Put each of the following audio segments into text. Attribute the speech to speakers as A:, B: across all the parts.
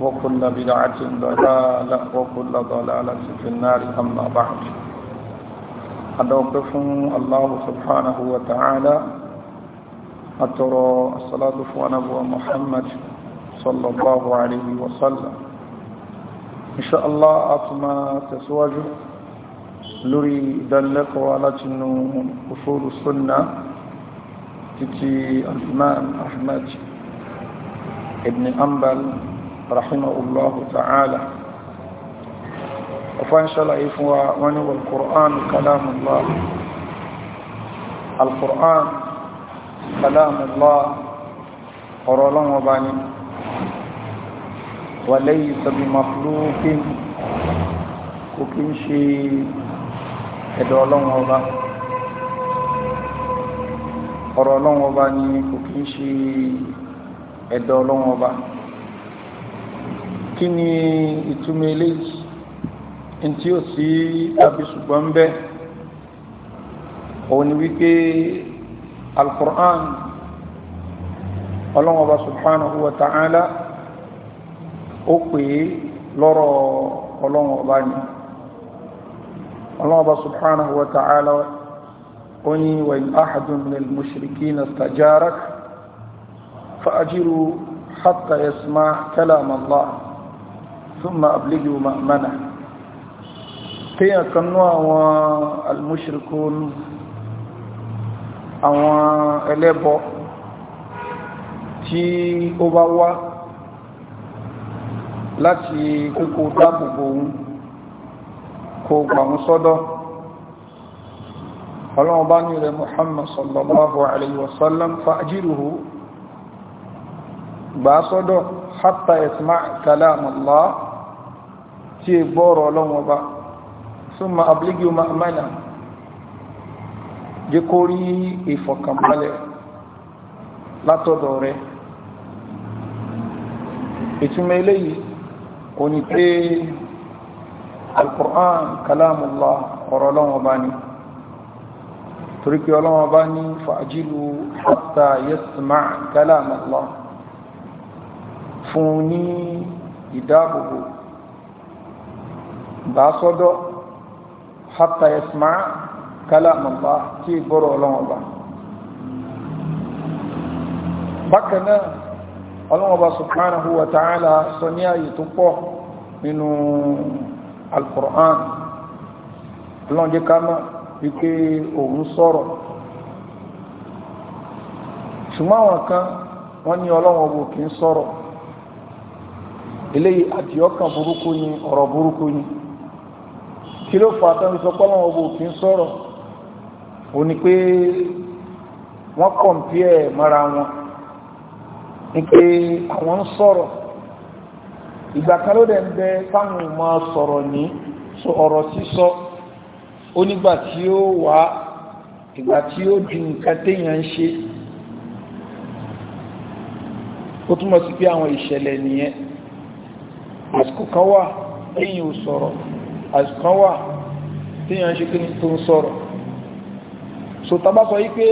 A: وكل بدعة ضلالة وكل ضلالة في النار أما بعد أدوقف الله سبحانه وتعالى أترى الصلاة ونبوة محمد صلى الله عليه وسلم إن شاء الله أطمى تسواجه لري دلق تنو أصول السنة تتي الإمام أحمد ابن أنبل rahimahullahu ta'ala ọ̀fà ń ṣàlàyé fún wa wọ́n ní wọ́n kùrán kalamullah al-kùrán kalamullah ọ̀rọ̀ ọlọ́wọ́ bá ní wa laysa bi makhluqin kò kí ń ṣe ẹ̀dọ̀ ọlọ́wọ́ bá ọ̀rọ̀ ọlọ́wọ́ bá ní kò kí ń ṣe ẹ̀dọ̀ ọlọ́wọ́ bá ní kí ni ìtumọ̀ eléyìí tí ó sí tàbí ṣùgbọ́n ń bẹ́ òun ni wípé alkur'an ọlọ́wọ́ba subhanahu wa ta'ala ó pè é lọ́rọ̀ ọlọ́wọ́ba ni ọlọ́wọ́ba subhanahu wa ta'ala ó ní wa in ahadun minal mushrikina istajaraka fa ajiru hatta yasma kalam Allah súnmà abúlégì mọ́nà kíyàn kanú àwọn almushrikun àwọn ẹlẹ́bọ tí ó bá wá láti kókò dáàbòbò ohun kò gbàmù sọ́dọ̀ ọlọ́run bá ní rẹ̀ Muhammad sallallahu alayhi wa sallam fa'ajiruhu gbà sọ́dọ̀ hatta yasma' kalam Allah tí è gbọ́rọ̀ ọlọ́wọ́n ọba súnmọ́ abúlégio mọ́nà jẹ́ kó rí ìfọ̀kànbalẹ̀ látọ̀dọ̀ rẹ̀ ìtumọ̀ eléyìí kò ní pé alkùrán kàlámùlá ọ̀rọ̀ ọlọ́wọ́n ọba ni torí pé ọlọ́wọ́n ọba ní fàájìlú hatta yasma kàlámùlá fún ní ìdáàbòbò bá sọ́dọ̀ hatta yasma kalam Allah tí gbọ́rọ̀ ọlọ́wọ́ bá bákan náà ọlọ́wọ́ bá subhanahu wa ta'ala sọ ní ààyè tó pọ̀ nínú al-Qur'an ọlọ́wọ́ jẹ́ ká kan wọ́n ní ọlọ́wọ́ bò kí ń sọ̀rọ̀ eléyìí àdìọ́kàn ni ọ̀rọ̀ burúkú ni kí ló fà tó ń sọ pé ọlọ́wọ́ bò sọ̀rọ̀ ò ní pé wọ́n kọ̀m̀pìẹ̀ mara wọn ní pé àwọn ń sọ̀rọ̀ ìgbà kan ló dẹ̀ ń bẹ sọ̀rọ̀ ní ọ̀rọ̀ sísọ ó nígbà tí ó wà ìgbà tí ó di nǹkan téèyàn ń ṣe ó túmọ̀ sí pé àwọn ìṣẹ̀lẹ̀ nìyẹn àsìkan wà tí yàn ṣe kí ní tó ń sọ̀rọ̀ so tàbá sọ yí pé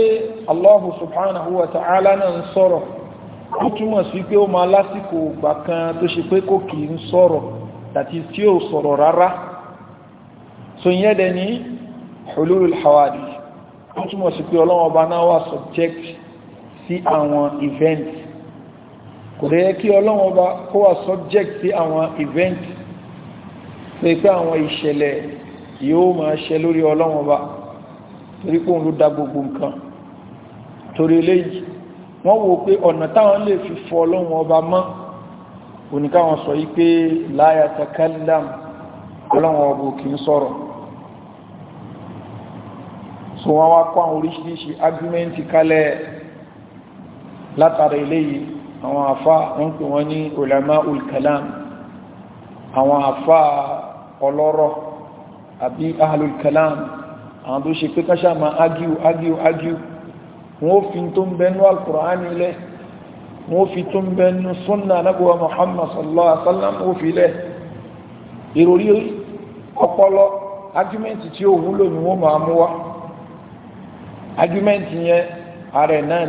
A: Allahu subhanahu wa ta'ala náà ń sọ̀rọ̀ ó túmọ̀ sí pé ó máa lásìkò ìgbà kan tó ṣe pé kò kì í sọ̀rọ̀ tàbí tí ó sọ̀rọ̀ rárá so ìyẹn dẹ̀ ní hulul hawadi ó túmọ̀ sí pé ọlọ́wọ́ ọba náà wà subject sí àwọn event kò lè kí ọlọ́wọ́ ọba kó wà subject sí àwọn event tó yẹ pé àwọn ìṣẹ̀lẹ̀ yóò máa ṣẹ lórí ọlọ́run ọba torí pé òun ló dá gbogbo nǹkan torí eléyìí wọ́n wò pé ọ̀nà táwọn lè fi fọ ọlọ́run ọba mọ́ oníkáwọn sọ yí pé la yatakallam ọlọ́run ọba kì í sọ̀rọ̀ so wọ́n wá kọ́ àwọn oríṣiríṣi agúmẹ́ntì kalẹ̀ látara eléyìí àwọn àfá wọ́n pè wọ́n ní ulama ul kalam àwọn àfá ọlọ́rọ̀ àbí ahlul kalam àwọn tó ṣe pé káṣá máa ágíù ágíù ágíù wọ́n fi tó ń bẹnu alkùránì lẹ́ wọ́n fi tó ń bẹnu súnnà anábúwa muhammad sallallahu alaihi wasallam ó fi lẹ́ ìròrí ọpọlọ argument tí ó wúlò ní wọ́n máa mú wá argument yẹn ààrẹ náà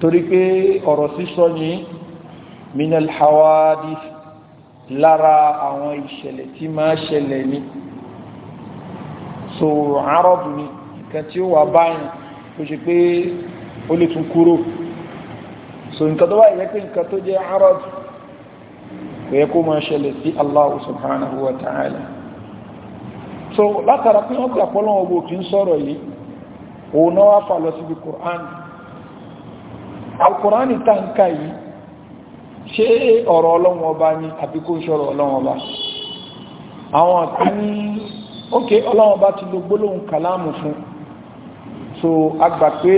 A: torí pé ọ̀rọ̀ sísọ yìí minal hawadif lára àwọn ìṣẹ̀lẹ̀ tí máa ṣẹlẹ̀ ní so arọ́bù ni nǹkan tí ó wà báyìí tó ṣe pé ó lè tún kúrò so nǹkan tó wà ìyẹ́ pé nǹkan tó jẹ́ arọ́bù kò yẹ kó máa ṣẹlẹ̀ sí Allah subhanahu wa ta'ala so látara pé wọ́n gbà kí ń sọ̀rọ̀ yìí òun náà wá fà lọ síbi Qur'an ṣé ọ̀rọ̀ ọlọ́wọ́n ọba ni àbí kó ṣọ̀rọ̀ ọlọ́wọ́n ọba àwọn kan ní ókè ọlọ́wọ́n ọba ti lo gbólóhùn kàláàmù fún so a gbà pé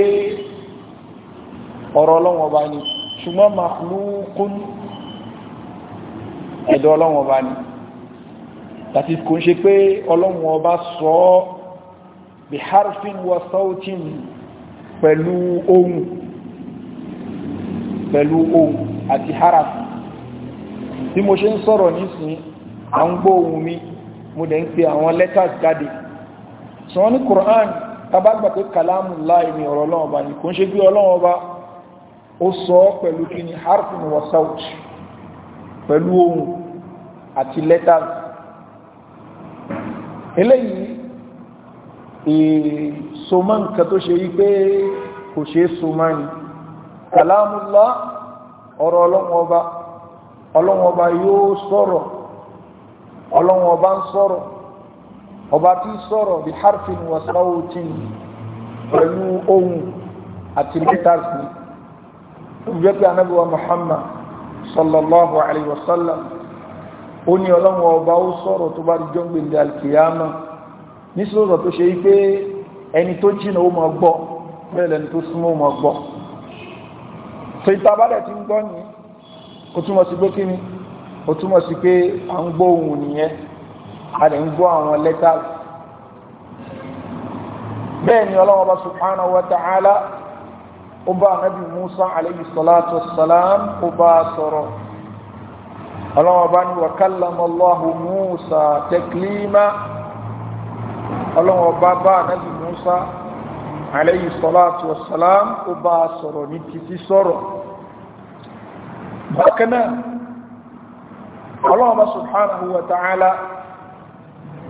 A: ọ̀rọ̀ ọlọ́wọ́n ọba ni ṣùgbọ́n màlúkún ẹ̀dọ̀ ọlọ́wọ́n ọba ni tàbí kò ń ṣe pé ọlọ́wọ́n ọba sọ ọ́ bí harfin wa sautin pẹ̀lú pẹ̀lú ohun àti haraf bí mo ṣe ń sọ̀rọ̀ nísìn à ń gbọ́ ohun mi mo dẹ̀ ń pe àwọn letters jáde sọ ní Quran tabagbà pé kàlámù láì ní ọ̀rọ̀ ọlọ́run ọba nìkan ṣe bí ọlọ́run ọba ó sọ pẹ̀lú kí ni harfin wa south pẹ̀lú ohun àti letters eléyìí ìsomọ́ nǹkan tó ṣe yí pé kò ṣe é somọ́ ni láì ọ̀rọ̀ ọlọ́wọ́ba ọlọ́wọ́ba yóò sọ̀rọ̀ ọlọ́wọ́ba ń sọ̀rọ̀ ọba tí sọ̀rọ̀ bí harfin wa sautin pẹ̀lú ohun àti letters ni anábíwa Muhammad sallallahu alayhi wasallam, sallam ó ní ọlọ́wọ́ba ó sọ̀rọ̀ tó bá di jọ́ngbèlè alkiyama ní sọ̀rọ̀ tó ṣe wípé ẹni tó so ìtàbálẹ̀ tí ń gbọ́ ní ó túmọ̀ sí pé kíni ó túmọ̀ sí pé à ń gbọ́ ohun nìyẹn a lè ń gbọ́ àwọn letters bẹ́ẹ̀ ni ọlọ́wọ́ bá subhanahu wa ta'ala ó bá anábì musa alayhi salatu wassalam ó bá sọ̀rọ̀ ọlọ́wọ́ bá wa kallama Allahu musa taklima ọlọ́wọ́ bá bá musa alayhi salatu wassalam ó bá a sọ̀rọ̀ ní títí sọ̀rọ̀ bákanáà ọlọ́wọ́ subhanahu wa ta'ala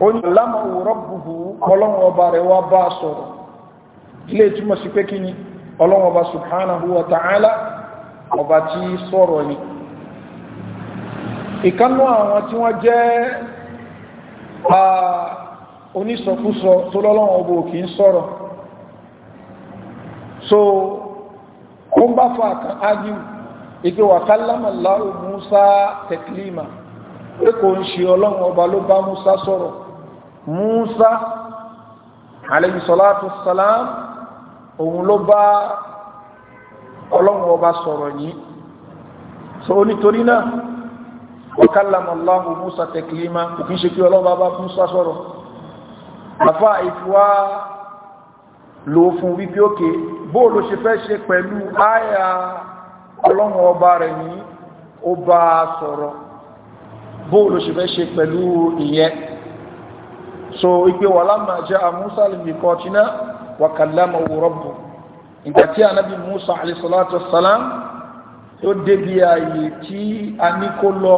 A: ó ní lámà rabbuhu ọlọ́wọ́ bá rẹ̀ wá bá a sọ̀rọ̀ ilé ìtumọ̀ sí pé kí ni subhanahu wa ta'ala ọba tí sọ̀rọ̀ ni ìkánú àwọn tí wọ́n jẹ́ onísọkúsọ tó lọ́lọ́wọ́ bó kìí sọ̀rọ̀ so ó ń bá fa kan ágìm ike wà kálámà láwù Musa teklima pé kò ń ṣe ọlọ́run ọba ló bá Musa sọ̀rọ̀ Musa alayhi salatu salam òun ló bá ọlọ́run ọba sọ̀rọ̀ yìí so nítorí náà wà kálámà láwù Musa teklima kò kí ń ṣe pé ọlọ́run ọba Musa sọ̀rọ̀ àfa ìfúwa lò fún wípé òkè bó ló ṣe fẹ́ ṣe pẹ̀lú àyà ọlọ́run ọba rẹ̀ ní ó bá sọ̀rọ̀ bó ṣe fẹ́ ṣe pẹ̀lú ìyẹn so ipe wà lámà jẹ́ àmúsà lèmi kọtíná wà kàlámà rabbu ìgbà tí anábì musa alayhi salatu wassalam tó débi ààyè tí a ní kó lọ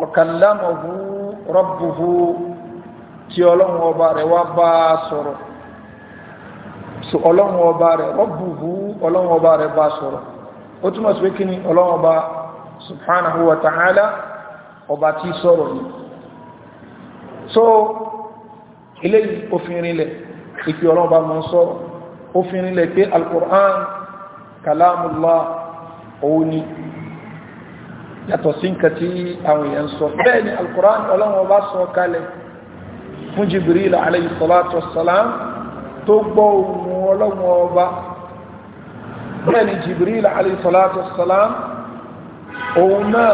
A: wà kàlámà rabbuhu tí ọlọ́run ọba rẹ̀ wá bá sọ̀rọ̀ so ọlọ́run ọba rẹ̀ rọ́bùhù ọlọ́run ọba rẹ̀ bá sọ̀rọ̀ ó túnmọ̀ sí pé kí ni ọlọ́run ọba subhanahu wa ta'ala ọba tí sọ̀rọ̀ ni so eléyìí òfinrinlẹ̀ ìpè ọlọ́run ọba mọ́ sọ̀rọ̀ òfinrinlẹ̀ pé al kalamullah òun ni yàtọ̀ sí nǹkan tí àwọn èèyàn sọ bẹ́ẹ̀ ni al ọlọ́run ọba sọ kalẹ̀ fún Jibril alayhi salatu wassalam tó gbọ́ ohun ọlọ́run ọba bẹ́ẹ̀ ni Jibril alayhisalatu salam òun náà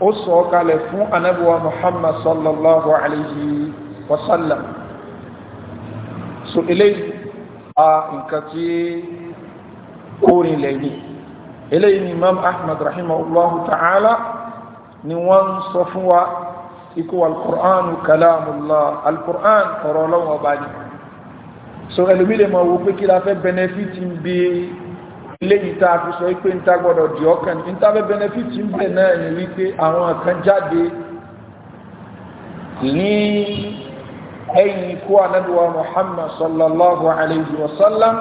A: ó sọ kalẹ̀ fún anábíwa Muhammad sallallahu alayhi wasallam so eléyìí a nǹkan tí kórin lẹ́yìn eléyìí ni Imam Ahmad rahimahullahu ta'ala ni wọ́n sọ fún wa ikú al kalamullah al ọ̀rọ̀ ọlọ́run ọba ni so ẹlòmí lè mọ̀ wo pé kí la fẹ́ benefit ń bí eléyìí tá a fi sọ pé ń ta gbọ́dọ̀ di ọkàn ní ta fẹ́ benefit ń bẹ̀ náà ní wípé àwọn kan jáde ní ẹ̀yìn kó anábíwá Muhammad sallallahu alayhi wa sallam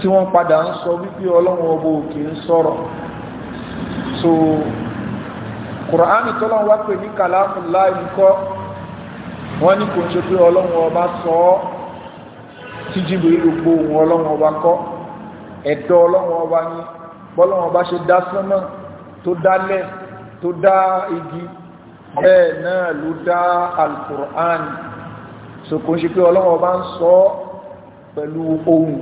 A: tí wọ́n padà ń sọ wípé ọlọ́run ọbọ̀ òkè ń sọ̀rọ̀ so Kùránì tọ́lọ́run wá pè ní kàlámù láì wọ́n ní kò ń ṣe pé ọlọ́run ọba sọ ọ́ tí Jibrilu gbóhùn ọlọ́run ọba kọ́ ẹ̀dọ́ ọlọ́run ọba ní bọ́lọ́run ọba ṣe dá sánmọ̀ tó dálẹ̀ tó dá igi bẹ́ẹ̀ náà ló dá al-Qur'an so kò ń ṣe pé ọlọ́run ọba ń sọ ọ́ pẹ̀lú ohun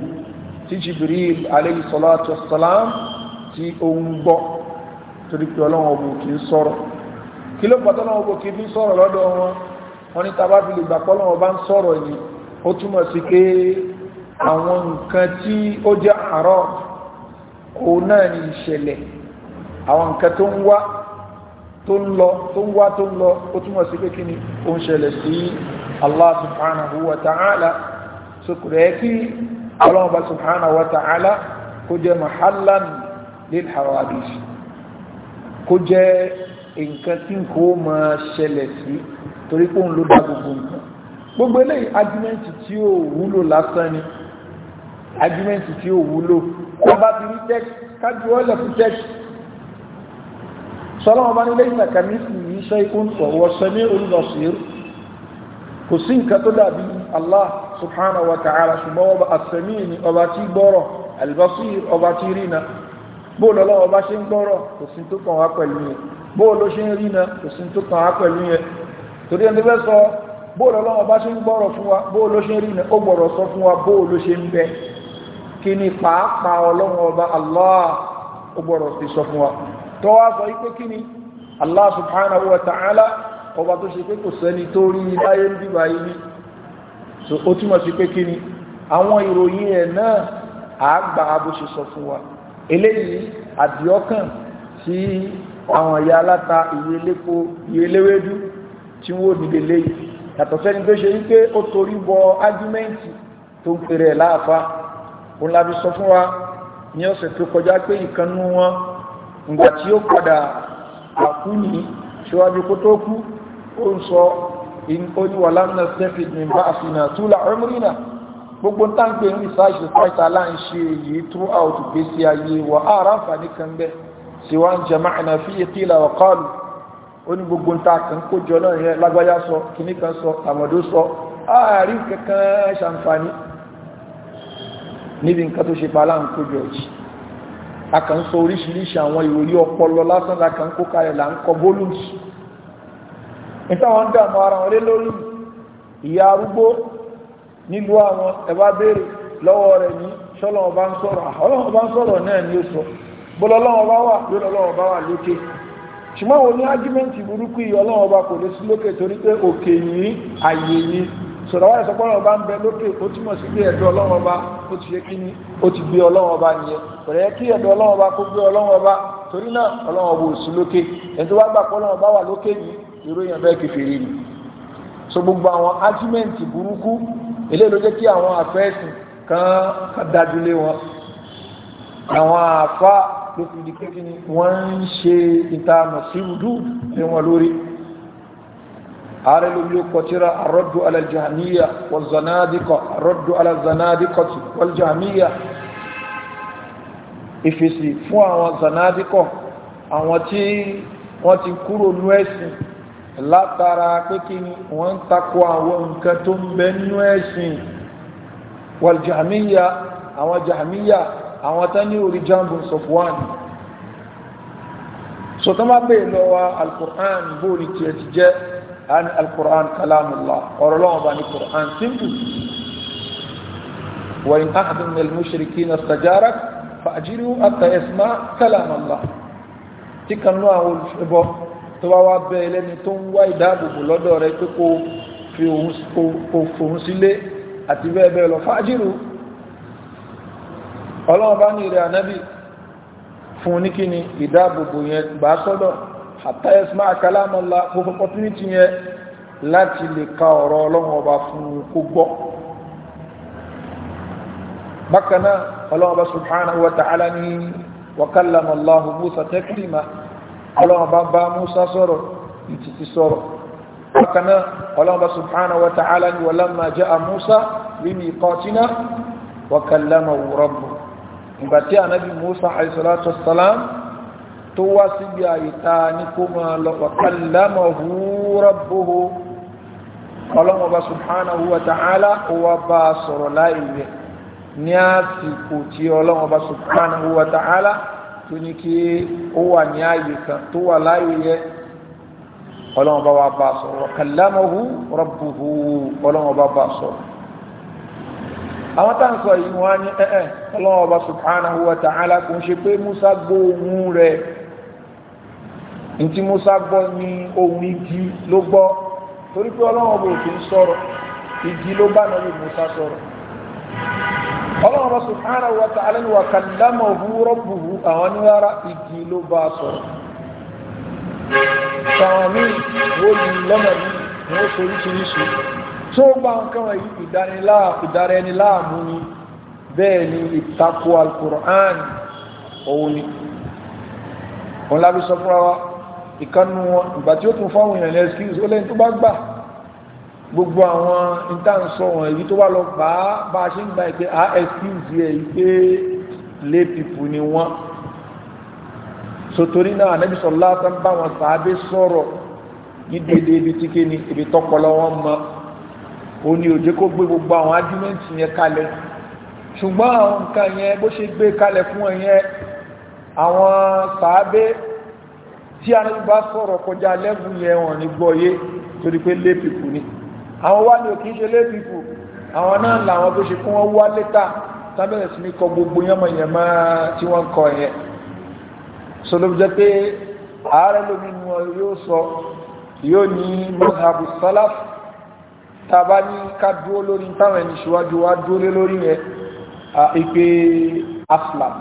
A: tí Jibril alayhi salatu wassalam tí ohun gbọ́ torí pé ọlọ́run ọba kì í sọ̀rọ̀ kí ló pàtàkì ọlọ́run ọba kì í sọ̀rọ̀ lọ́dọ̀ wọn wọ́n ní tàbá fi lè gbà pọ́lọ́wọ́ bá ń sọ̀rọ̀ ni ó túmọ̀ sí pé àwọn nǹkan tí ó jẹ́ àárọ̀ òun náà ni ìṣẹ̀lẹ̀ àwọn nǹkan tó ń wá tó ń lọ tó ń wá tó ń lọ ó túmọ̀ sí pé kí ni ó ń ṣẹlẹ̀ sí Allah subhanahu tí kò máa ṣẹlẹ̀ sí torí pé òun ló dá gbogbo nǹkan gbogbo eléyìí ájúmẹ́ǹtì tí ó wúlò lásán ni ájúmẹ́ǹtì tí ó wúlò tó bá ti rí tẹ́kì kájú ọ́lẹ̀ fún tẹ́kì sọlọ́wọ́n bá nílé ìgbà kàmíìsì yìí ṣe ikú ń sọ wọ́n sẹ́mi olùdọ̀sír kò sí nǹkan tó dàbí Allah subhanahu wa ta'ala ṣùgbọ́n ọba àsẹ̀mí ni ọba tí gbọ́rọ̀ albasir ọba tí rí na bóòlù ọlọ́wọ́ bá ṣe ń gbọ́rọ̀ kò sí tó kàn wá pẹ̀lú yẹn bóòlù ó ṣe ń rí na kò sí tó kàn wá pẹ̀lú yẹn torí ẹni fẹ́ sọ bóòlù ọlọ́wọ́ bá ṣe ń gbọ́rọ̀ fún wa bóòlù ló ṣe rí ní ó gbọ́rọ̀ sọ fún wa bóòlù ló ṣe ń bẹ kí ni pàápàá ọlọ́wọ́ ọba Allah ó gbọ́rọ̀ sí sọ fún wa Allah subhanahu wa ta'ala ọba tó ṣe pé ni so ó túmọ̀ sí pé kí ni àwọn ìròyìn ẹ̀ náà àgbà bó ṣe sọ fún eléyìí àdìọ́kàn sí àwọn ìyá aláta ìyẹlẹ́po ìyẹlẹ́wẹ́dú tí wọ́n dìde léyìí yàtọ̀ sẹ́ni tó ṣe wípé ó torí bọ ágúmẹ́ǹtì tó ń pèrè láàfa òun la fi sọ fún wa ní ọ̀sẹ̀ tó kọjá pé ìkànnú wọn ìgbà tí ó padà àkú ní ṣíwájú kó tó kú ó ń sọ oníwàlá ń sẹ́fì ní àfihàn túlà ọmọrìnà gbogbo táǹpẹ̀ ní ìsáàṣì pàtà láìṣe èyí throughout gbèsè ayé wà á ráǹfà kan bẹ́ sí wá ń jẹ máa fi ìtìlà wà kọlù ó ní gbogbo ń ta kan kó jọ náà yẹn lágbájá sọ kìíní kan sọ àmọ̀dó sọ ààrí kankan ṣàǹfààní níbi nǹkan tó ṣe bàálà ń kó jọ yìí a kàn sọ oríṣiríṣi àwọn ìròyìn ọpọlọ lásán la kó kalẹ̀ là ń kọ volumes ah, ni ó sọ bọ́lọ́lọ́wọ́ bá wà lórí ṣùgbọ́n wọn ní ágímẹ́ǹtì burúkú yìí ọlọ́run ọba kò lè sí lókè torí pé òkè yìí àyè yìí sọ̀rọ̀ wáyé sọpọ́ ọlọ́run ọba ń bẹ lókè ó túmọ̀ sí pé ẹ̀dọ̀ ọlọ́run ọba ó ti ṣe kíni ó ti gbé ọlọ́run ọba nìyẹn kò kí ẹ̀dọ̀ ọlọ́run ọba kó gbé ọlọ́run ọba torí náà ọlọ́run ọba ò sí lókè ẹni wá gbà pé ọlọ́run ọba wà lókè yìí ìròyìn bẹ́ẹ̀ kẹfìrí ni so gbogbo àwọn ágímẹ́ǹtì burúkú eléyìí ló jẹ́ kí àwọn àfẹ́sìn kan dájú lé wọn àwọn àfa ló fi di pé kíni wọ́n ń ṣe ìtààmà sí ìdú ní wọn lórí ààrẹ lórí ó kọtíra àrọ́dù alàjàmíyà wọ̀lzanádìkọ̀ àrọ́dù alàzanádìkọ̀ tí wọ̀lzàmíyà ìfèsì fún àwọn zanádìkọ̀ àwọn tí wọ́n ti kúrò nú ẹ̀sìn látara pé kíni wọ́n ń àwọn nǹkan tó ń bẹ nú ẹ̀sìn wọ̀lzàmíyà àwọn jàmíyà àwọn tán ní orí jambun sofwan so tán bá bèèrè lọ́wọ́ alkur'an bóòlì tí ẹ ti jẹ́ àni alkur'an kalamullah ọ̀rọ̀ lọ́wọ́ bá ní kur'an simple wa in ahadun min al-mushrikina istajarak fa ajiru hatta yasma kalamullah tí kan náà àwọn olùṣẹ́bọ tó bá wá bẹ́ẹ̀ lẹ́ni tó ń wá ìdáàbòbò lọ́dọ̀ rẹ̀ pé kó fi sílé àti bẹ́ẹ̀ bẹ́ẹ̀ lọ fa ajiru ọlọ́run bá ní ìrẹ̀ ànábì fún ní kí ni ìdáàbòbò yẹn gbà sọ́dọ̀ àtàyẹsí máa kalámọ́lá fún opportunity yẹn láti lè ka ọ̀rọ̀ ọlọ́run ọba fún kó gbọ́ bákan náà ọlọ́run ọba subhanahu wa ta'ala ní wa kallama Allahu Musa taklima ọlọ́run ọba ní wa lamma ja'a Musa limiqatina nígbà tí ànábì Musa àìsàlátọ̀ sàlám tó wá síbi àyíká ní kó máa lọ pàkàlámà húúrọ̀ bóhó ọlọ́mọba subhanahu wa ta'ala ó wá bá a sọ̀rọ̀ láìwẹ̀ ní àsìkò tí ọlọ́mọba subhanahu wa ta'ala tó ní kí ó wà ní ààyè tó wà láìwẹ̀ ọlọ́mọba wa bá a sọ̀rọ̀ kàlámà hú rọ̀bùhú ọlọ́mọba bá a sọ̀rọ̀ àwọn tá à sọ yìí wọ́n á ní ẹ̀ẹ́ eh, eh, ọlọ́wọ́ kò ń musa gbọ́ ohun rẹ̀ ntí musa gbọ́ ní igi ló gbọ́ torí pé ọlọ́wọ́ ọba òkè ń sọ̀rọ̀ igi ló bá nàbí musa sọ̀rọ̀ ọlọ́wọ́ ọba subhanahu wa ta'ala ni wa kallamahu rabbuhu àwọn ní igi ló bá sọ̀rọ̀ sàmì wọ́n wọ́n oríṣiríṣi tó bá nǹkan wọ̀nyí ìdániláàmú ni bẹ́ẹ̀ ni ìtakò alukur'an òun ni wọn lábí sọ fúnra wa ìkanu wọn ìgbà tí ó tún fáwọn èèyàn ní excuse ó lẹ́yìn tó bá gbà gbogbo àwọn intansọ wọn èyí tó wà lọ bá bá a ṣe ń gba ìpè a excuse ẹ̀ ìpè lay people ni wọ́n sotori náà anabi sọlá tán bá wọn sàábé sọ̀rọ̀ ní dédé ibi tí kéne ibi tọpọlọ wọn mọ ó ní òjé kó gbé gbogbo àwọn ájúmẹ́ǹtì yẹn kalẹ̀ ṣùgbọ́n àwọn nǹkan yẹn bó ṣe gbé kalẹ̀ fún ẹ yẹn àwọn sàábé tí a nígbà sọ̀rọ̀ kọjá lẹ́bù yẹn wọ̀n ní gbọ́yé torí pé lépìpù ni àwọn wá ní òkè ṣe lépìpù àwọn náà làwọn tó ṣe fún wọn wá létà tábẹ̀rẹ̀ sí ní kọ gbogbo yánmọ̀yánmọ́ tí tàbá ní ká dúó lórí táwọn ẹni ṣíwájú wá dúó lé lórí rẹ̀ ìpé aslam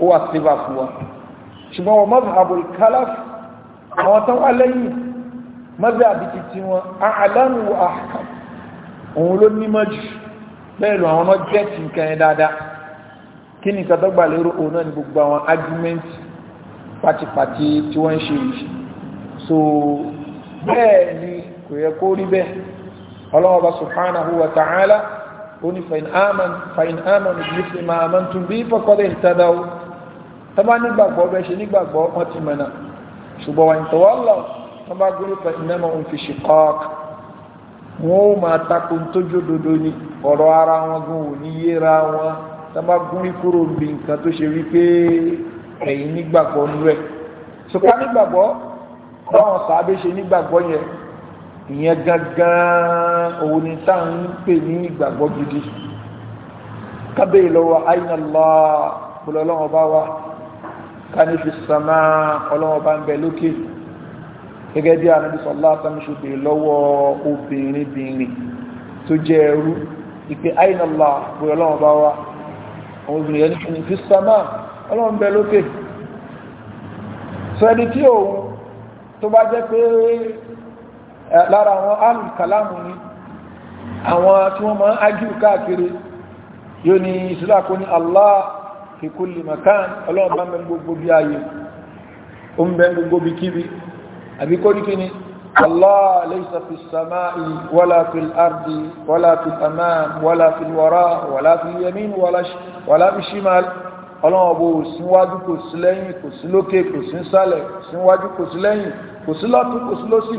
A: ó wà síbà fún wa ṣùgbọ́n wọ́n mazhabu al-khalaf àwọn tán wá lẹ́yìn mọ́bẹ̀ àbíkí tí wọ́n a'lamu ahkam òun ló nímọ̀ jù bẹ́ẹ̀ lọ àwọn jẹ́ nǹkan ẹ̀ dáadáa kí ni nǹkan tó gbà lérò òun náà ni gbogbo àwọn argument pátipàti tí wọ́n ń ṣe yìí so bẹ́ẹ̀ ni kò yẹ kó rí bẹ́ẹ̀ ọlọ́wọ́ba subhanahu wa ta'ala ó ní fain aman fain aman ìgbésẹ̀ máa man tún bí fọ́kọ́lẹ̀ ìtàdá o tó bá nígbàgbọ́ bẹ́ẹ̀ ṣe nígbàgbọ́ wọn ti mẹ́nà ṣùgbọ́n wọn tó wọ́n lọ tó bá gúrú fa ìnáma òun fi ṣìkọ́ọ̀k wọn ó máa takò tójú dodo ni ọ̀rọ̀ ara wọn gun ò ní yéra wọn tó bá gúrí kúrò bí nǹkan tó ṣe wípé ẹ̀yìn nígbàgbọ́ nú ṣùgbọ́n nígbàgbọ́ báwọn sàábé ṣe nígbàgbọ́ yẹn ìyẹn gangan òun ni tá à ń pè ní ìgbàgbọ́ gidi kábẹ́ ìlọ́wọ́ àyìnàlá bọ́lá ọlọ́wọ́ bá wá kánífi sàmà ọlọ́wọ́ bá ń bẹ lókè gẹ́gẹ́ bí Ànábì sallallahu alaihi wasallam ṣe bèèrè lọ́wọ́ obìnrin bìnrin tó jẹ́ ẹrú ìpè àyìnàlá bọ́lá ọlọ́wọ́ bá wá àwọn obìnrin yẹn ní fi sàmà ọlọ́wọ́ ń bẹ lókè sọ ẹni tí òun tó bá jẹ́ pé Eh, lára àwọn alùkàlámù ni àwọn tí wọ́n máa ń ájú káàkiri yóò ní ìsìlá kó ní Allah fi kulli makan ọlọ́ọ̀bá mẹ́ gbogbo bí ayé o ń bẹ gbogbo bí kíbi àbí kó ní kí ni Allah laysa fi samai wala fil ardi wala fil amam wala fil wara wala fil yamin wala fi kò sí lọ́tún kò sí lósì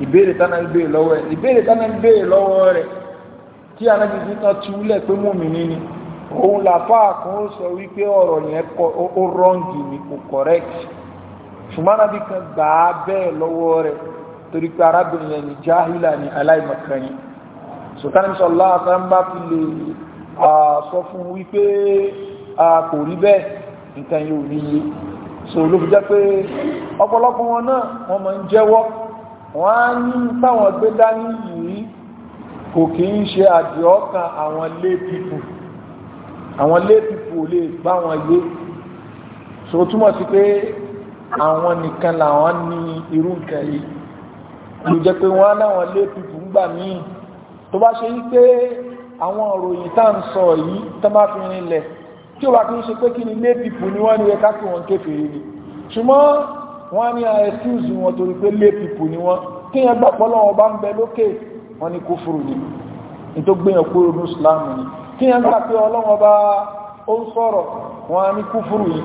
A: ìbéèrè tánà ń béèrè lọ́wọ́ rẹ̀ ìbéèrè tánà ń béèrè lọ́wọ́ rẹ̀ tí anábì fi tán túlẹ̀ pé mùmínì ni òun làfà kan ó sọ wípé ọ̀rọ̀ yẹn ó rọ́ǹgì ni kò correct ṣùgbọ́n anábì kan gbà á bẹ́ẹ̀ lọ́wọ́ rẹ̀ torí pé arábìnrin yẹn ni jahila ni aláìmọ̀kan yìí sọ̀tánì sọ̀lá àtàǹbá fi lè sọ a kò rí bẹ́ẹ̀ nǹkan yóò níye so ló fi jẹ́ pé ọ̀pọ̀lọpọ̀ wọ́n á ní táwọn gbé dání yìí kò kì í ṣe àdìọ́kàn àwọn léèpìpù àwọn léèpìpù ò lè gbá wọn yé so túmọ̀ sí pé àwọn nìkan làwọn ní irú nǹkan yìí ló jẹ́ pé wọ́n á láwọn léèpìpù ń gbà míì tó bá ṣe yí pé àwọn òròyìn tá ń sọ yìí tó bá fi rinlẹ̀ tí ó bá kí ń ṣe pé kí ni léèpìpù ni wọ́n ní ẹ̀ka kí kéfèé ni ṣùgbọ́n wọ́n ní ah, excuse wọn torí pé lay people ni wọ́n kí yẹn gbà pé Ọlọ́run bá ń bẹ lókè wọ́n ní kúfùrù ni nítorí gbéyàn kúrò ní Islam ni kí yẹn gbà pé Ọlọ́run bá ó ń sọ̀rọ̀ wọ́n ní kúfùrù yìí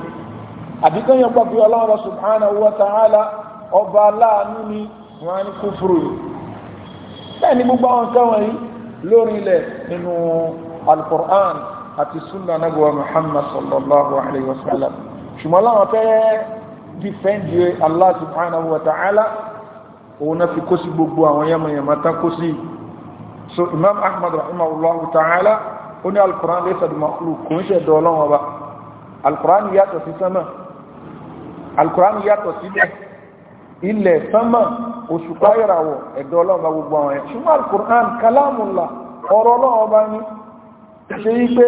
A: àbí kí gbà pé Ọlọ́run subhanahu wa ta'ala ọba aláàánú Muhammad sallallahu alayhi wa sallam ṣùgbọ́n dífẹ́ǹdì Allah subhanahu wa ta'ala òun náà fi kó sí gbogbo àwọn yamayama tán kó sí so imam ahmad rahimahullahu ta'ala ó ní alkùrán lè sàdù makulu kò ń ṣẹ̀dọ̀ ọlọ́run ọba alkùrán yàtọ̀ sí sánmà alkùrán yàtọ̀ sílẹ̀ ilẹ̀ sánmà òṣùpá ìràwọ̀ ẹ̀dọ̀ ọlọ́run ọba gbogbo àwọn ẹ̀ ṣùgbọ́n alkùrán kalámùlà ọ̀rọ̀ ọlọ́run ọba ní ṣe yí pé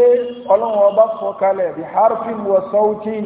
A: ọlọ́run ọba sọ kalẹ̀ bí harfin wa sautin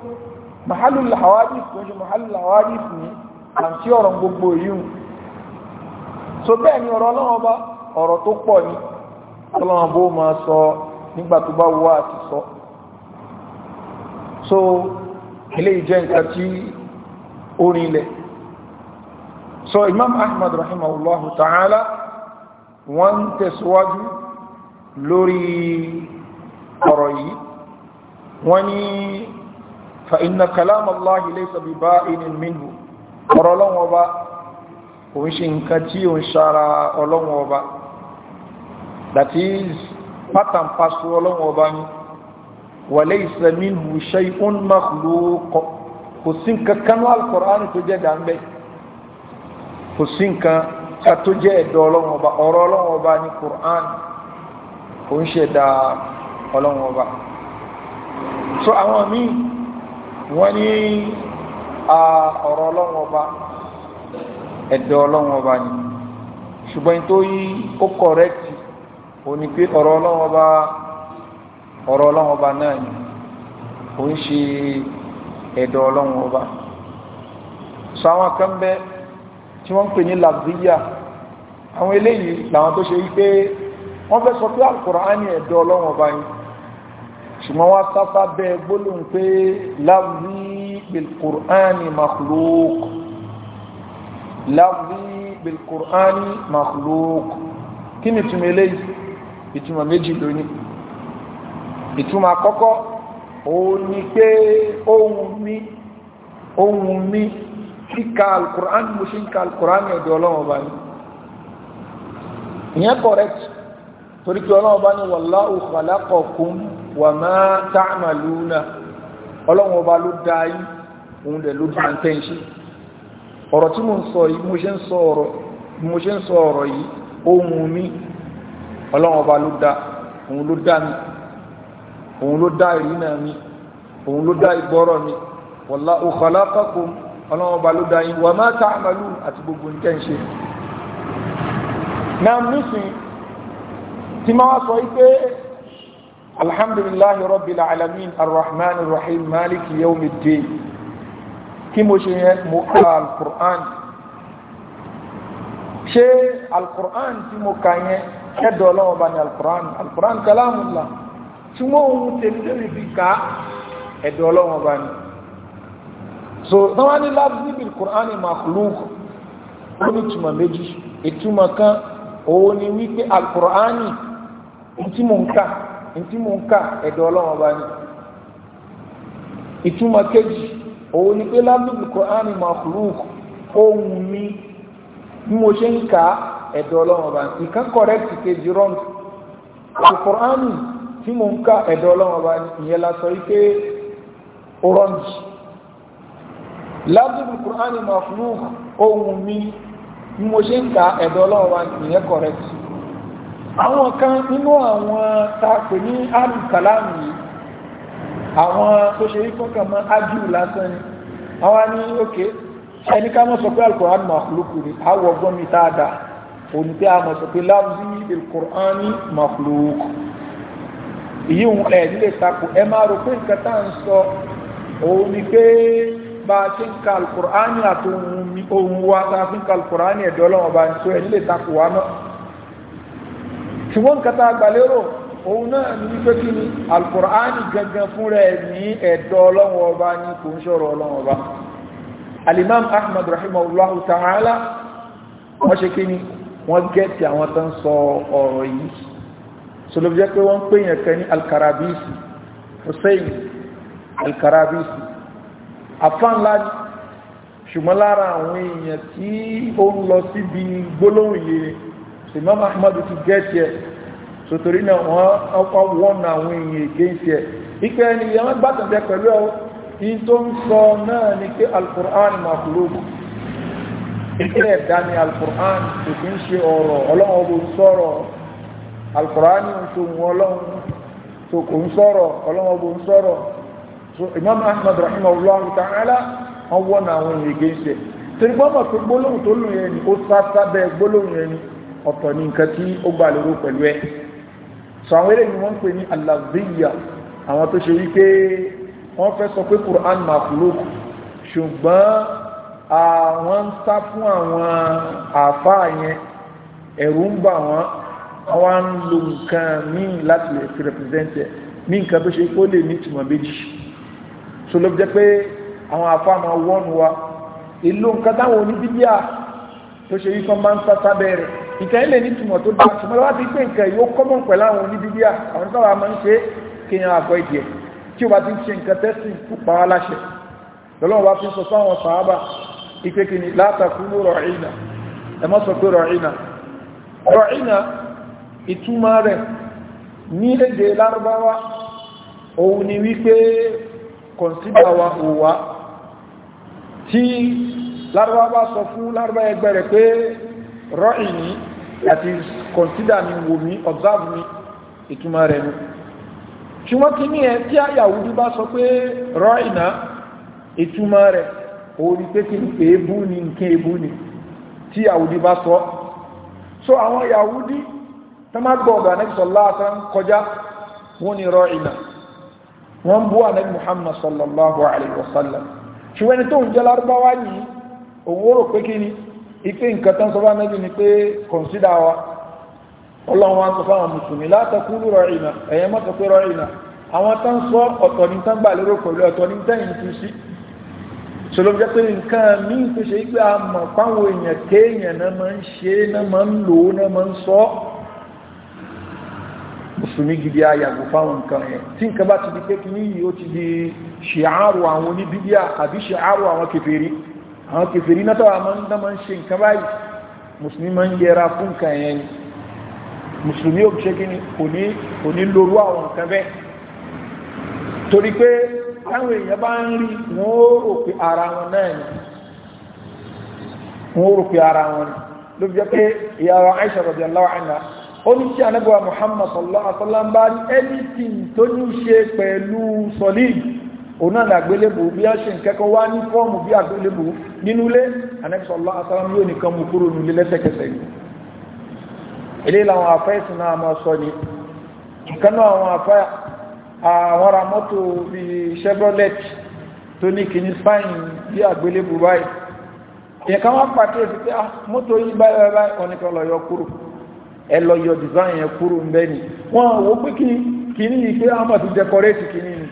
A: mahalul hawadis tó ń ṣe mahalul hawadis ní àti ọ̀rọ̀ gbogbo yìí so bẹ́ẹ̀ ni ọ̀rọ̀ ọlọ́wọ́ bá ọ̀rọ̀ tó pọ̀ ní ọlọ́wọ́ bó máa sọ nígbà tó bá wá àti sọ so eléyìí jẹ́ nǹkan tí orin ilẹ̀ so imam ahmad rahimahullahu ta'ala wọ́n tẹ̀síwájú lórí ọ̀rọ̀ yìí wọ́n ní فإن كلام الله ليس ببائن منه ọ̀rọ̀lọ́wọ́ ọba kò ń ṣe nǹkan tí ó ń ṣara ọlọ́wọ́ ọba that is part and parcel ọlọ́wọ́ ọba ní wàlé ìsẹ̀mí hù ṣe ìhún makhlúkọ kò sí nǹkan kanú alkùnrin tó jẹ́ dàmbẹ́ kò sí nǹkan ká tó jẹ́ ẹ̀dọ́ ọlọ́wọ́ ọba ọ̀rọ̀ ọlọ́wọ́ so àwọn míì wọ́n ní ọ̀rọ̀ ọlọ́run ọba ẹ̀dọ̀ ọlọ́run ọba ni ṣùgbọ́n tó yí ó kọ̀rẹ́kì ó ní pé ọ̀rọ̀ ọlọ́run ọba ọ̀rọ̀ ọlọ́run ọba náà ni ó ń ṣe ẹ̀dọ̀ ọlọ́run ọba sọ àwọn kan bẹ tí wọ́n ń pè ní làbíyà àwọn eléyìí làwọn tó ṣe wípé wọ́n fẹ́ sọ pé àkùrọ̀ á ní ẹ̀dọ̀ ọlọ́run ọba yìí ṣùgbọ́n wá sáfá bẹ́ gbólóhùn pé láwí bilkùránì makhluk láwí bilkùránì makhluk kí ni ìtumọ̀ eléyìí ìtumọ̀ méjì lónìí ìtumọ̀ àkọ́kọ́ òun ni pé ohun mi ohun mi kíka alkùránì mo ṣe ń ka alkùránì ọ̀dọ̀ ọlọ́run ọba ni ìyẹn correct torí pé ọlọ́run ọba ni wallahu khalaqakum wà máa tààmà lónà ọlọ́run ọba ló dá yí òun dẹ̀ ló dá ń tẹ́ ń ṣe ọ̀rọ̀ tí mo ń sọ yìí mo ṣe ń sọ ọ̀rọ̀ yìí ohun mi ọlọ́run ọba ló dá òun ló dá mi òun ló dá ìrìnà mi òun ló dá ìgbọ́rọ̀ mi wallahu khalaqakum ọlọ́run ọba ló dá yín wa ma ta'malun àti gbogbo nǹkan ṣe náà máa sọ wípé الحمد لله رب العالمين الرحمن الرحيم مالك يوم الدين kí mo ṣe yẹn mo ka alukur'an ṣé alukur'an tí mo kà yẹn kẹdọ ọlọ́wọ́ bá ní alukur'an alukur'an kalamullah tí wọ́n ń tẹ̀lé bí ká ẹ̀dọ̀ ọlọ́wọ́ bá ní. so náwá ní lábí bí alukur'an makhluk ó ní ìtumọ̀ méjì ìtumọ̀ kan òun ni wípé alukur'an tí mo ń kà ntí mò ń kà ẹ̀dọ̀ ọlọ́run ọba ni ìtumọ̀ kejì òun ni pé lábùkù kọ́ránì makhluq ohun mi bí mo ṣe ń kà ẹ̀dọ̀ ọlọ́run ọba ni ìkan kọ̀rẹ́tì kejì rọ́ǹg kọ́ránì tí mò ń kà ẹ̀dọ̀ ọlọ́run ọba ni ìyẹn la sọ wípé ó rọ́ǹg lábùkù kọ́ránì makhluq ohun mi bí mo ṣe ń kà ẹ̀dọ̀ ọlọ́run ọba ni ìyẹn kọ̀rẹ́tì àwọn kan nínú àwọn tàpè ní alùkàlámù yìí àwọn tó ṣe rí fọ́nkà mọ́ ájú lásán ni àwọn ní òkè ẹni ká mọ́ sọ pé alkùnrin makhlúkù ni àwọ̀ ọgbọ́n mi tààdà òní pé a mọ̀ sọ pé láwùzí alkùnrin makhlúkù èyí ń ẹ̀ nílé takò ẹ máa rò pé nǹkan tá à ń sọ òun ni pé bá a ti ń ka alkùnrin àti ohun wa tá a fi ń ka alkùnrin ẹ̀dọ́ ọlọ́wọ́ bá ń sọ ẹ̀ nílé takò wa náà ṣùgbọ́n nǹkan tá a gbà lérò òun náà ní wípé kí ni alukur'ani gangan fúnra ẹ̀ ní ẹ̀dọ́ ọlọ́run ọba ní kò ń ṣọ̀rọ̀ ọlọ́run ọba alimam ahmad rahimahullahu ta'ala wọ́n ṣe kí ni wọ́n gẹ́ẹ̀tì àwọn tó ń sọ ọ̀rọ̀ yìí sọlọ́bí pé wọ́n pè yàn ní alkarabisi hussein alkarabisi Imam Ahmad ti gẹ́ẹ̀tì ẹ̀ sotori náà wọ́n ọkọ̀ wọ́n àwọn èèyàn gẹ́ẹ̀tì ẹ̀ ikẹ́ ẹni yẹn wọ́n gbàtàjẹ́ pẹ̀lú ẹ̀ in tó ń sọ náà ni pé al-Qur'an makhluq ikẹ́ ẹ̀dá ni al-Qur'an kò kí ń ṣe ọ̀rọ̀ ọlọ́run ọbọ̀ sọ̀rọ̀ al-Qur'an ń so ọ̀tọ̀ ni nǹkan tí ó gbà lóró pẹ̀lú ẹ so àwọn eléyìí wọ́n ń pè ní alaviyya àwọn tó ṣe wípé wọ́n fẹ́ sọ pé Qur'an makhluq ṣùgbọ́n àwọn ń sá fún àwọn àáfàá yẹn ẹ̀rù ń bà wọ́n wọ́n ń lo nǹkan míì láti lè fi represent ẹ̀ ní nǹkan tó ṣe kó lè ní ìtumọ̀ méjì so ló jẹ́ pé àwọn àáfàá máa wọ́n wa ìlú nǹkan táwọn oníbíbíà tó ṣe yí kan máa ń sá sábẹ́ rẹ̀ ìtàn ilẹ̀ ní túmọ̀ tó dáa túmọ̀ lọ́wọ́ ti pé nǹkan ìwó kọ́mọ̀ pẹ̀lú àwọn oníbíbíà àwọn tó wà máa ń ṣe kéèyàn àgọ́ ìdí ẹ̀ tí ó bá ti ń ṣe nǹkan tẹ́sìn kú pa wá láṣẹ lọ́lọ́wọ́ bá fi sọ fáwọn sàábà ìpé kìíní látàkùnú rọ̀ìnà ẹ má ni wípé that is consider me, observe me ìtumọ̀ rẹ̀ ni ṣùgbọ́n kí ní ẹ tí àyàwó bí bá sọ pé rọ ni pé kí ní tí àyàwó bá sọ so àwọn Yahudi tó má gbọ́ ọ̀gá Ànábì sallallahu alaihi wasallam kọjá wọ́n ni Muhammad sallallahu alaihi wasallam ṣùgbọ́n ẹni tó jẹ́ lárúbáwá yìí òun pé ipe nǹkan tán sọ́bá náà ni pé consider wa ọlọ́run wa sọ fáwọn mùsùlùmí látọkúrú rọ̀ìnà ẹ̀yẹ mọ́tò pé rọ̀ìnà àwọn tán sọ ọ̀tọ̀ ní tán gbà lérò pẹ̀lú ọ̀tọ̀ ní tán yìí tún sí ṣòlò jẹ́ pé nǹkan míì gidi ayàgò fáwọn nǹkan yẹn tí nǹkan bá ti di di ṣe àárò àwọn oníbíbíà àbí ṣe àárò àwọn kèfèrí àwọn kèfèrí náà tọ́wà máa ń dá máa ń ṣe nǹkan báyìí mùsùlùmí máa ń yẹra fún nǹkan yẹn ni mùsùlùmí ò ṣe kí ni kò ní lorú àwọn nǹkan bẹ́ẹ̀ torí pé táwọn èèyàn bá ń rí wọn ó rò pé ara wọn náà ni wọn ó rò pé ara wọn ni ló fi jẹ́ pé ìyàwó Aisha radiyallahu anha ó ní tí anábọ̀ Muhammad sallallahu alaihi wasallam bá ní anything tó ní ṣe pẹ̀lú solid òun náà làgbélébù bí a ṣe nkẹ́kọ́ wá ní fọ́ọ̀mù bí àgbélébù nínú anẹ́sọ̀lá asálám yóò nìkan mú kúrò nílé lẹ́sẹ̀kẹsẹ̀ ilé náà máa sọ ni ìkanáà àwọn afẹ́ àwọn mọ́tò bí Chevrolet tó ní kìíní spain bí àgbélébù báyìí ìyẹ̀kan ah, wọ́n pàkíyèsí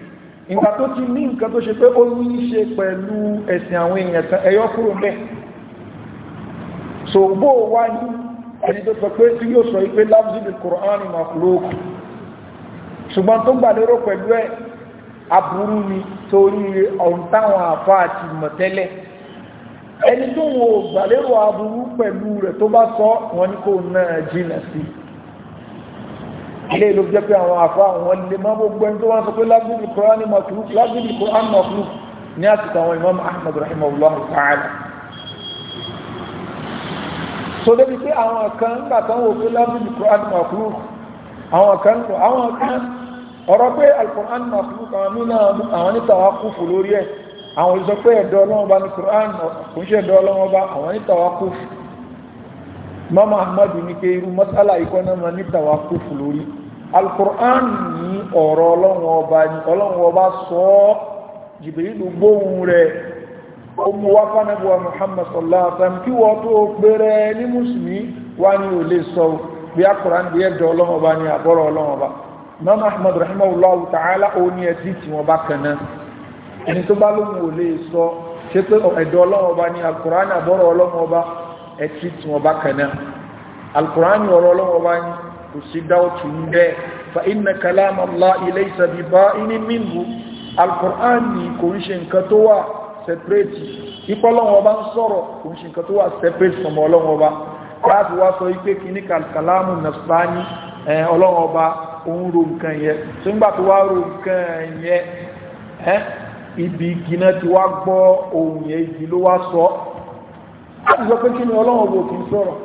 A: ìgbà tó ti ní nǹkan tó ṣe pé ó ní í ṣe pẹ̀lú ẹ̀sìn àwọn èèyàn kan ẹ̀yọ́ kúrò mẹ́ so bó o wá ní ẹni tó sọ pé tí yóò sọ pé lábùsílì kùránì màkúlókù ṣùgbọ́n tó gbà lérò pẹ̀lú ẹ̀ aburú ni torí ọ̀hún táwọn àfa àti mọ̀tẹ́lẹ̀ ẹni tó wọ gbà lérò aburú pẹ̀lú rẹ̀ tó bá sọ wọn ní kò náà jìnà sí i ilé ìlú jẹ́ pé àwọn àfa àwọn lè má gbogbo ẹni tó wá sọ pé lágbègbè Kùránì mọ̀kúlù lágbègbè Kùránì mọ̀kúlù ní àsìkò àwọn Imam Ahmad rahimahullah ta'ala so débi pé àwọn kan ń gbà tán wò pé lábìlì Qur'an makhluk àwọn kan lò àwọn kan ọ̀rọ̀ pé al-Qur'an makhluk àwọn nínú àwọn níta wa kúfù lórí ẹ̀ àwọn olùsọ pé ẹ̀dọ́ ọlọ́wọ́ bá ní Qur'an kò ń ṣe ẹ̀dọ́ ọlọ́wọ́ bá àwọn níta wa kúfù mama ahmadu ní pé irú masala ikọ́ náà níta wa kúfù lórí alukur'an ní ọ̀rọ̀ ọlọ́run ọba ní ọlọ́run ọba sọ ọ́ jìbìrìlù gbóhùn rẹ̀ ó mú muhammad sallallahu alaihi wasallam kí wọ́n tó gbére ní mùsùlùmí wá ní ò lè sọ bí alukur'an bí ẹ̀dọ̀ ọlọ́run ọba ní àbọ̀rọ̀ ọlọ́run ọba mọ́mọ́ ahmed rahimahullahu ta'ala ó ní ẹtí tí wọ́n bá kàn náà ẹni tó bá lóhùn ò lè sọ ṣé pé ẹ̀dọ̀ ọlọ́run ọba ọ̀rọ̀ ọlọ́run ọba ní kò sí dáòtù ń bẹ́ fa inna kalama Allahi laysa bi ba'inin minhu alkùrán ni kò ń ṣe nǹkan tó wà separate ipọ́lọ́wọ́ bá ń sọ̀rọ̀ kò ń ṣe nǹkan tó wà separate from ọlọ́wọ́ bá láti wá sọ ipé kìíní kalamu nasrani ọlọ́wọ́ bá òun ro nǹkan yẹ tó ń gbà tó wá ro nǹkan yẹ ibi ìgìnà ti wá gbọ́ ohun yẹ ìdí ló wá sọ láti sọ pé kí ni ọlọ́wọ́ bò kìí sọ̀rọ̀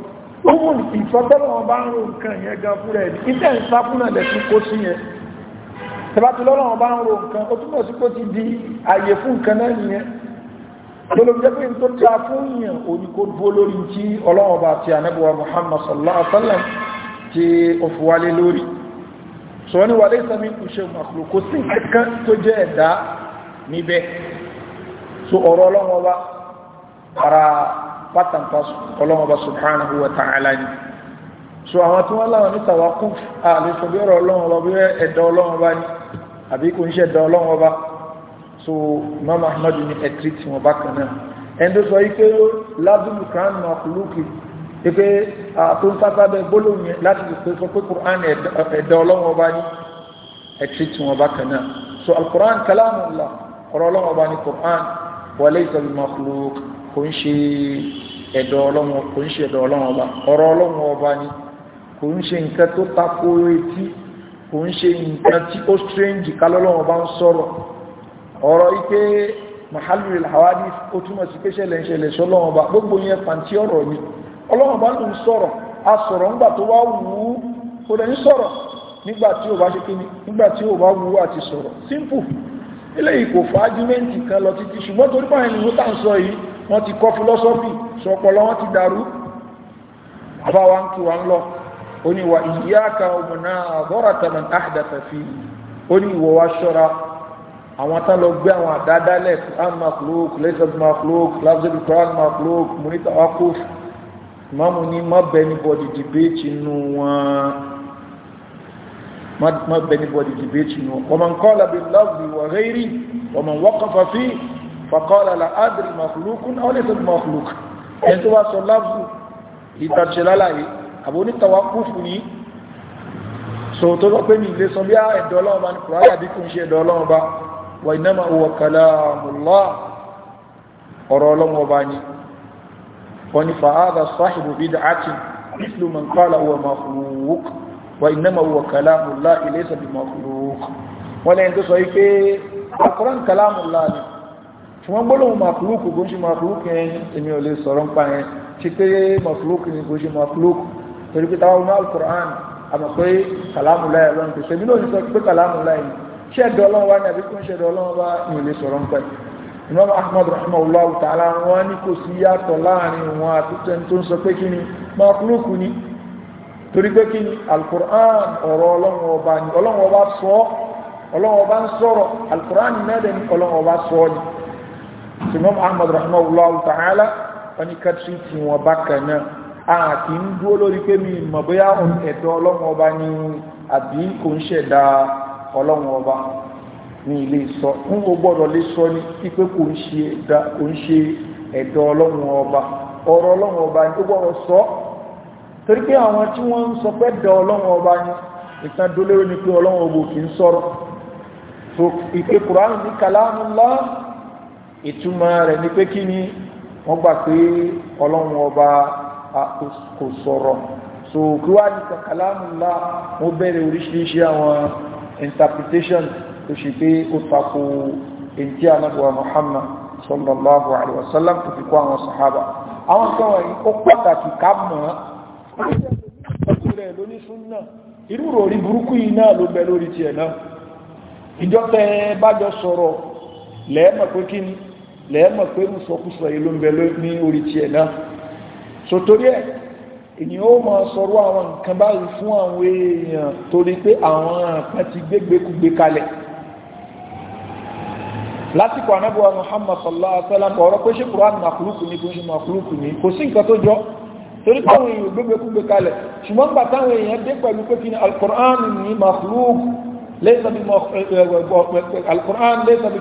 A: ó mú ìsọtọ́lọ́ wọn bá ń ro nǹkan yẹn gan fúnra ẹ̀ iṣẹ́ ń sá fúnra ẹ̀ fún kó sí yẹn tẹ́bàtí lọ́rọ̀ wọn bá ń ro nǹkan ó túnbọ̀ sí kó ti di àyè fún nǹkan náà nìyẹn lọ́lọ́ tó ta fún yàn òní lórí tí ọlọ́wọ́n bá ti Muhammad sallallahu alaihi wasallam ti òfúwálé lórí sọ ní wà lẹ́sẹ̀ mi kù so ọ̀rọ̀ ọlọ́wọ́n bá pátápá ọlọ́mọba subhanahu wa ta'ala ni so àwọn tí wọ́n láwọn ní tàwákù àlefò bí ọ̀rọ̀ ọlọ́mọba bí ẹ̀dá ọlọ́mọba ni àbí kò ń ṣe ẹ̀dá ọlọ́mọba so mama ahmadu ni ẹ̀tí tí wọ́n bá kan náà ẹni tó sọ wípé lábúlù kan náà kùlùkì wípé tó ń sábà bẹ gbólóhùn láti lè sọ pé Qur'an ẹ̀dá ọlọ́mọba ni ẹ̀tí tí wọ́n bá kan so al-Qur'an kalamullah ọ̀rọ̀ ọlọ́mọba ni Qur'an wa laysa bi kò ń ṣe ẹ̀dọ̀ ọlọ́run kò ń ṣe ẹ̀dọ̀ ọlọ́run ọba ọ̀rọ̀ ọlọ́run ọba ni kò ń ṣe nǹkan tó tako etí kò ń ṣe nǹkan tí ó strange kálọ́lọ́run ọba ń sọ̀rọ̀ ọ̀rọ̀ ike mahalul hawadis ó túmọ̀ sí pé ṣẹlẹ̀ ń ṣẹlẹ̀ sọ́lọ́run ọba gbogbo yẹn pàǹtí ọ̀rọ̀ ni ọlọ́run ọba ló ń sọ̀rọ̀ a sọ̀rọ̀ ńgbà tó wá wù ú kò dẹ̀ ń sọ̀rọ̀ nígbà tí ó bá ṣe kíni ni wọ́n wọ́n ti kọ́ philosophy sọpọlọ wọ́n ti dàrú àbáwá ń kí wa ń lọ ó ní wa ìyáka òmùnà àbọ́ràtà man fi ó ní ìwọ̀ wa ṣọ́ra àwọn tán lọ gbé àwọn àdádálẹ̀ Quran makhluk lẹ́sẹ̀ makhluk lafzul Quran makhluk munita wakuf mamu ni má bẹni bọ́dì dìbéètì nù wọn má bẹni bọ́dì dìbéètì nù wọn man qala bil lafzi wa فقال لا أدري مخلوق أو ليس مخلوق أنت واسو لفظ لترشل لي أبوني توقفني so tó lọ pé mi lè sọ bí á ẹ̀dọ́ ọlọ́run bá ní kùránì àbí kò ń ṣe ẹ̀dọ́ ọlọ́run bá wa innama huwa kalamullah ọ̀rọ̀ ọlọ́run ọba ni wọ́n ni fa'adha sahibu bid'atin mithlu man qala huwa makhluq wa innama huwa kalamullah laysa bi makhluq wọ́n lẹ́yìn tó sọ yí pé al-Qur'an kalamullah ni ṣùgbọ́n gbólóhùn màfúlùkù bó ń ṣe màfúlùkù yẹn èmi ò lè sọ̀rọ̀ ń pa yẹn ṣe pé màfúlùkù ni bó ṣe màfúlùkù torí pé táwọn ọmọ alukur'an àmọ́ pé kàlámù láyé ọlọ́run kò ṣe bí lóòótọ́ sọ pé kàlámù láyé ṣé ẹ̀dọ́ ọlọ́run wá ní àbí kó ń ṣe ẹ̀dọ́ ọlọ́run wá ni ò lè sọ̀rọ̀ ń pa yẹn imam ahmad rahimahullah ta'ala wọn ní kò sí yàtọ̀ láàrin wọn àti tẹni tó ń sọ pé kí ni màfúlùkù ni torí pé kí ni alukur'an ọ̀rọ̀ ọlọ́run ọba ni ọlọ́run ọba sọ ọlọ́run ọba ń sọ̀rọ̀ alukur'an mẹ́rin ọlọ́run ọba sọ ni Imam Ahmad rahimahullahu ta'ala wọ́n ní kẹ́tì tí wọ́n bá kẹ́nà àti ń dúó lórí pé mi mọ̀ bóyá ẹ̀dọ́ ọlọ́run ọba ni àbí kò ń ṣẹ̀dá ọlọ́run ọba ní ilé sọ fún o gbọ́dọ̀ lè sọ ní pípé kò ń ṣe ẹ̀dọ́ ọlọ́run ọba ọ̀rọ̀ ọlọ́run ọba ni ó gbọ́dọ̀ sọ torí pé àwọn tí wọ́n ń sọ pé dẹ ọlọ́run ni ìtàn dolóró ni pé ọlọ́run ọba kì í sọ̀rọ̀ so ìpè Kùránì ní kàlámù ìtumọ̀ rẹ̀ ni pé kí ni wọ́n gbà pé ọlọ́run ọba kò sọ̀rọ̀ so kí wá ní kàkàlámù ńlá wọ́n bẹ̀rẹ̀ oríṣiríṣi àwọn interpretation tó ṣe pé ó tako èntí anábọ̀wà Muhammad sallallahu alaihi wasallam kò fi kọ́ àwọn sahaba àwọn kan wọ̀nyí ó pàtàkì ká mọ̀ ọ́ lóní súnnà irú ròrí burúkú yìí náà ló bẹ lórí tiẹ̀ náà ìjọ tẹ sọ̀rọ̀ lẹ́ẹ̀mọ̀ pé kí ni lẹ́ẹ̀mọ̀ pé mú sọkúsọ ìlú ń bẹ ní orí ti ẹ̀ náà so torí ẹ̀ èyí ó mọ̀ sọ̀rọ̀ àwọn nǹkan báyìí fún àwọn èèyàn torí pé àwọn kan ti gbégbékúgbé kalẹ̀ lásìkò anábíwá Muhammad sallallahu alaihi wasallam ọ̀rọ̀ pé ṣe Qur'an makuluku ni kò ṣe makuluku ni kò sí nǹkan tó jọ torí táwọn èèyàn gbégbékúgbé kalẹ̀ ṣùgbọ́n al-Qur'an ni makuluku laysa bi al-Qur'an laysa bi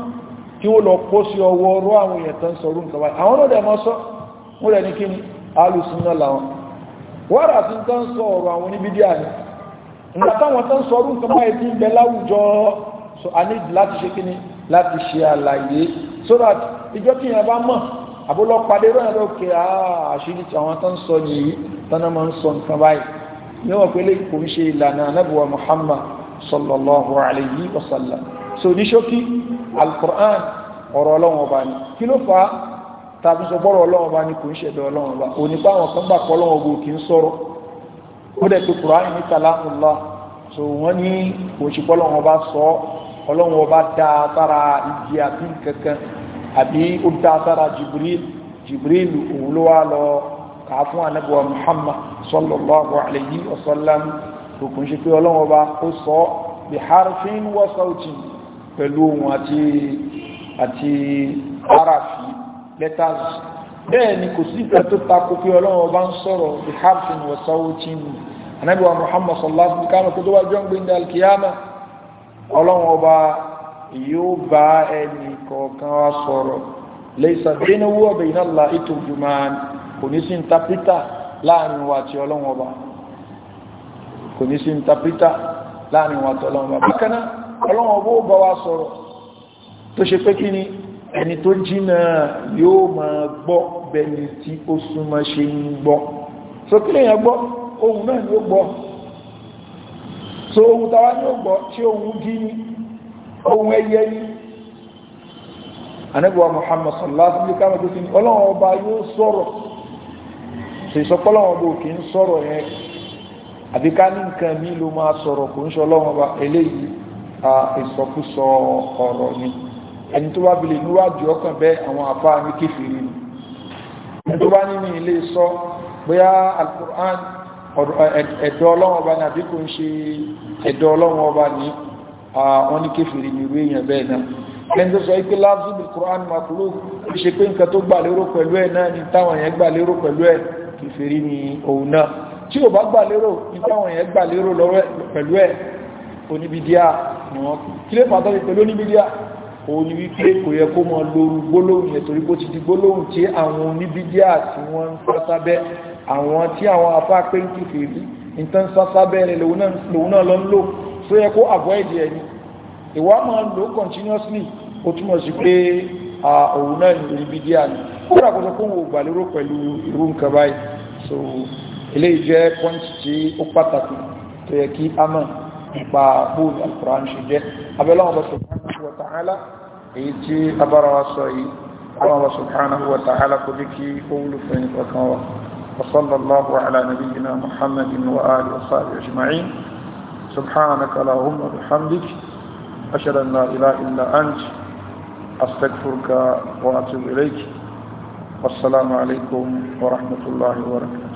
A: tí ó lọ kó sí ọwọ́ ọrọ̀ àwọn èèyàn tán sọ̀rọ̀ nǹkan báyìí àwọn ọ̀dẹ̀ mọ́ sọ mú rẹ̀ ní kíni alùsùnà làwọn wọ́n àti tán sọ ọ̀rọ̀ àwọn oníbídíà ni nígbà tán sọ ọrùn kan báyìí tí ń so a ní láti ṣe kíni láti ṣe àlàyé so that ìjọ kí yẹn bá mọ̀ àbúlọ́pàdé rẹ̀ lókè ah, àṣírí tí àwọn tán sọ Muhammad sallallahu alayhi wa sallam so ní ṣókí alukur'an ọ̀rọ̀ ọlọ́wọ́n ọba ni kí ló fa tàbí sọ bọ́rọ̀ ọlọ́wọ́n ọba ni kò ń ṣẹ̀dọ̀ ọlọ́wọ́n ọba òní pa àwọn kan gbà pọ̀ ọlọ́wọ́n ọba kì í sọ̀rọ̀ ó dẹ̀ pé kur'an ní kalamullah so wọ́n ní kò ṣe pọ́ ọlọ́wọ́n ọba sọ ọlọ́wọ́n ọba dá sára igi àbí kankan àbí ó dá sára jibril jibril òun ló wá lọ muhammad sallallahu alayhi wa sallam kò ń ṣe pé wa sautin pẹ̀lú ohun àti àti arafi letters bẹ́ẹ̀ ni kò sí ìfẹ́ tó takò pé ọlọ́run ọba ń sọ̀rọ̀ bí harfin wa sautin Ànábì wa Muhammad sallallahu alaihi wasallam kó tó wá jọ́ ń gbé ní alkiyama ọlọ́run ọba yóò bá ẹni kọ̀ọ̀kan wá sọ̀rọ̀ laysa bainahu wa baina Allahi turjuman kò ní sí ntapítà láàrin wa àti ọlọ́run ọba kò ọlọ́wọ́n bó bá wa sọ̀rọ̀ tó ṣe pé kí ni ẹni tó jìnà yóò máa gbọ́ bẹni tí ó súnmọ́ ṣe ń gbọ́ so kí lèyàn gbọ́ ohun náà ni ó gbọ́ so ohun tàwa ni ó gbọ́ tí ohun dí ni ohun ẹyẹ ni anẹ́gbọ́ Muhammad sallallahu alaihi wa sallam ọlọ́wọ́n ọba yóò sọ̀rọ̀ sèṣọ́pọ́lọ́wọ́n bó kì ń sọ̀rọ̀ yẹn àbíká ní nǹkan mi ló máa sọ̀rọ̀ kò ń ṣọlọ́wọ́n ọba eléyìí ìsọkúsọ ọ̀rọ̀ ni ẹni tó wá bilẹ̀ níwájú ọkàn bẹ́ẹ̀ àwọn àfáà ní kéfìrí ni ẹni tó bá nínú ilé sọ bóyá alukur'an ẹ̀dọ́ ọlọ́wọ́n ọba ní àbí kò ń ṣe ẹ̀dọ́ ọlọ́wọ́n ọba ní àwọn ní kéfìrí ni ìwé èèyàn bẹ́ẹ̀ náà ẹni tó sọ ipé láàzú bí kur'an makulu kò ṣe pé nǹkan tó gbà lérò pẹ̀lú ẹ̀ náà ni táwọn yẹn gbà lérò pẹ̀lú ẹ̀ kéfìrí ni òun náà tí ò bá gbà lérò ni táwọn yẹn gbà lérò pẹ̀lú ẹ̀ oníbidíà kàn án kí lè pàtàkì pẹ̀lú oníbídíà òun ni wípé kò yẹ kó mọ lóru gbólóhùn yẹn torí bó ti di gbólóhùn tí àwọn oníbídíà tí wọ́n ń sásábẹ́ àwọn tí àwọn afá pé ń kí fèrí ń tán sásábẹ́ rẹ̀ lòun náà lọ ń lò tó yẹ kó avoid ẹ̀ ni ìwà máa ń lò continuously ó túmọ̀ sí pé òun náà ní oníbídíà ni kódà kó sọ pé òun ò gbà lérò pẹ̀lú irú nǹkan báyìí so eléyìí jẹ́ pọ́ǹtì tí ó pàtàkì tó yẹ kí a mọ̀ nípa bóòlù alukuran ṣe jẹ́ abẹ́lẹ́ èyí tí abára wa sọ yìí ọba wa kò bí kí wa وصلى الله على نبينا محمد وآله وصحبه أجمعين سبحانك اللهم وبحمدك أشهد أن لا إله إلا أنت أستغفرك وأتوب إليك والسلام عليكم ورحمة الله وبركاته